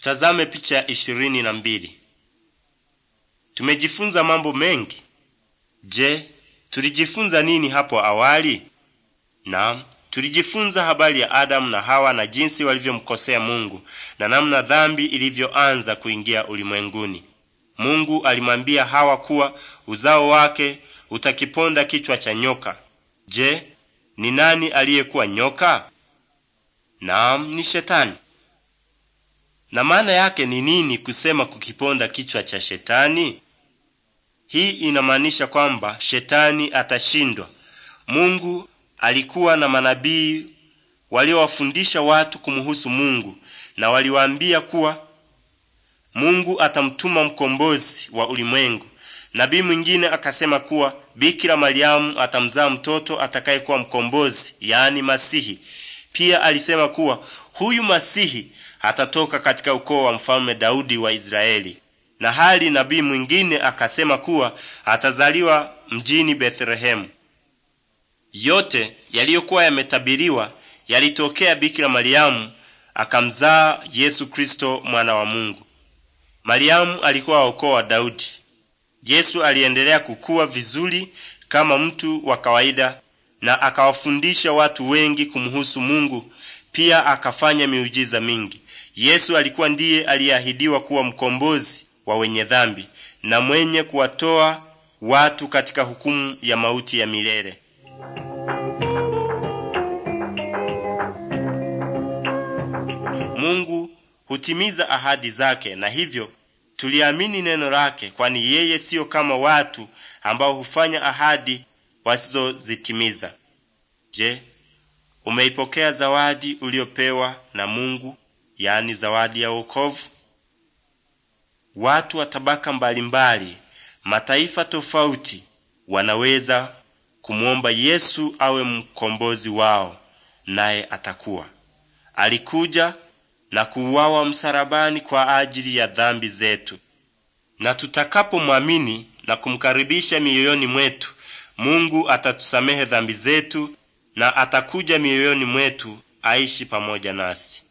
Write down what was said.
Tutazame picha ya ishirini na mbili. Tumejifunza mambo mengi. Je, tulijifunza nini hapo awali? Naam, tulijifunza habari ya Adamu na Hawa na jinsi walivyomkosea Mungu na namna dhambi ilivyoanza kuingia ulimwenguni. Mungu alimwambia Hawa kuwa uzao wake utakiponda kichwa cha nyoka. Je, ni nani aliyekuwa nyoka? Naam, ni Shetani. Na maana yake ni nini kusema kukiponda kichwa cha shetani? Hii inamaanisha kwamba shetani atashindwa. Mungu alikuwa na manabii waliowafundisha watu kumuhusu Mungu na waliwaambia kuwa Mungu atamtuma mkombozi wa ulimwengu. Nabii mwingine akasema kuwa Bikira Mariamu atamzaa mtoto atakayekuwa mkombozi, yaani Masihi. Pia alisema kuwa huyu Masihi hatatoka katika ukoo wa mfalme Daudi wa Israeli. Na hali nabii mwingine akasema kuwa atazaliwa mjini Bethlehemu. Yote yaliyokuwa yametabiriwa yalitokea. Bikira Mariamu akamzaa Yesu Kristo mwana wa Mungu. Mariamu alikuwa wa ukoo wa Daudi. Yesu aliendelea kukua vizuri kama mtu wa kawaida na akawafundisha watu wengi kumhusu Mungu. Pia akafanya miujiza mingi. Yesu alikuwa ndiye aliyeahidiwa kuwa mkombozi wa wenye dhambi na mwenye kuwatoa watu katika hukumu ya mauti ya milele. Mungu hutimiza ahadi zake na hivyo tuliamini neno lake kwani yeye siyo kama watu ambao hufanya ahadi wasizozitimiza. Je, umeipokea zawadi uliopewa na Mungu? yaani zawadi ya wokovu. Watu wa tabaka mbalimbali, mataifa tofauti wanaweza kumwomba Yesu awe mkombozi wao, naye atakuwa. Alikuja na kuuawa msalabani kwa ajili ya dhambi zetu, na tutakapomwamini na kumkaribisha mioyoni mwetu, Mungu atatusamehe dhambi zetu na atakuja mioyoni mwetu aishi pamoja nasi.